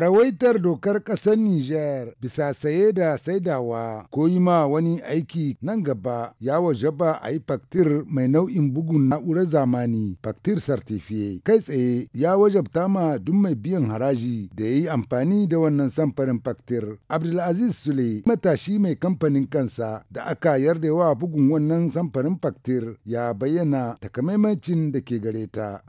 rawaitar dokar ƙasar Nijar bisa saye da saidawa ko yi ma wani aiki nan gaba ya waje ba a yi faktir mai nau'in bugun na'urar zamani faktir sartifiye kai tsaye ya wajabta ma duk mai biyan haraji da ya yi amfani da wannan samfarin faktir. Abdulaziz Sule matashi mai kamfanin kansa da aka yarda wa bugun wannan samfarin faktir ya bayyana takamaimacin da ke gare ta.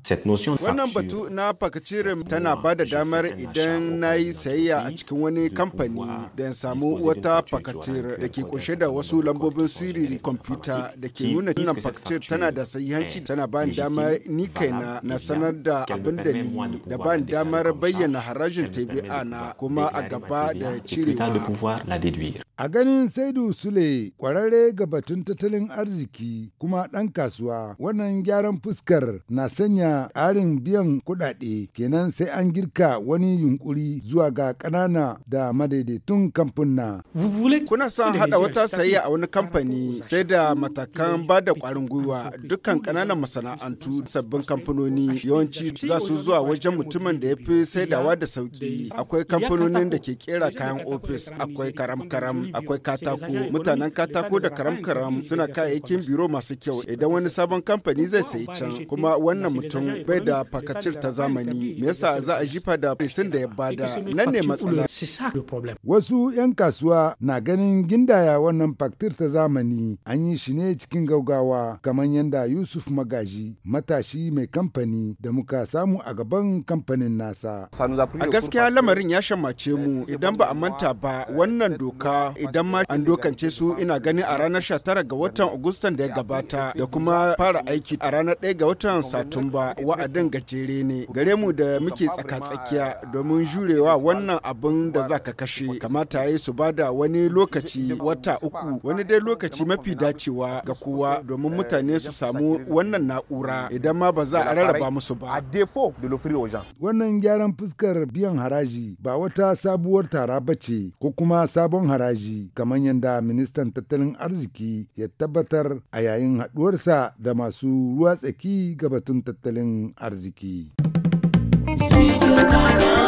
Wannan batu na faktirin tana ba da damar idan na yi sayayya a cikin wani kamfani da ya samu wata fakatir da ke kunshe da wasu lambobin siriri kwamfuta da ke nuna wannan fakatir tana da sahihanci tana bani damar ni kaina na sanar da abin da ni da bani damar bayyana harajin tabi'a na kuma a gaba da cirewa. A ganin Saidu Sule kwararre ga batun tattalin arziki kuma ɗan kasuwa wannan gyaran fuskar na sanya ƙarin biyan kuɗaɗe kenan sai an girka wani yunkuri zuwa ga kanana da madaidaitun kamfuna. Kuna son haɗa wata sayayya a wani kamfani sai da matakan ba da kwarin gwiwa dukkan ƙananan masana'antu sabbin kamfanoni yawanci za su zuwa wajen mutumin da ya fi saidawa da sauki akwai kamfanonin da ke kera kayan ofis akwai karam-karam akwai katako mutanen katako da karam-karam suna kayayyakin biro masu kyau idan wani sabon kamfani zai sayi can kuma wannan mutum bai da fakacir ta zamani me yasa za a jifa da da ya bada da nan ne matsala. Wasu 'yan kasuwa na ganin gindaya wannan faktir ta zamani an yi shi ne cikin gaugawa kamar yadda Yusuf Magaji matashi mai kamfani da muka samu a gaban kamfanin nasa. A gaskiya lamarin ya shamace mu idan ba a manta ba wannan doka idan ma an dokance su ina gani a ranar 19 ga watan Agustan da ya gabata da kuma fara aiki a ranar ɗaya ga watan Satumba wa'adin gajere ne gare mu da muke tsaka-tsakiya domin jure jurewa wannan abin da za ka kashe kamata ya yi su ba da wani lokaci wata uku wani dai lokaci mafi dacewa ga kowa domin mutane su samu wannan na'ura idan ma ba za a rarraba musu ba. Wannan gyaran fuskar biyan haraji ba wata sabuwar tara ba ce ko kuma sabon haraji kamar yadda ministan tattalin arziki ya tabbatar a yayin haɗuwarsa da masu ruwa tsaki ga batun tattalin arziki. Studio Ghana.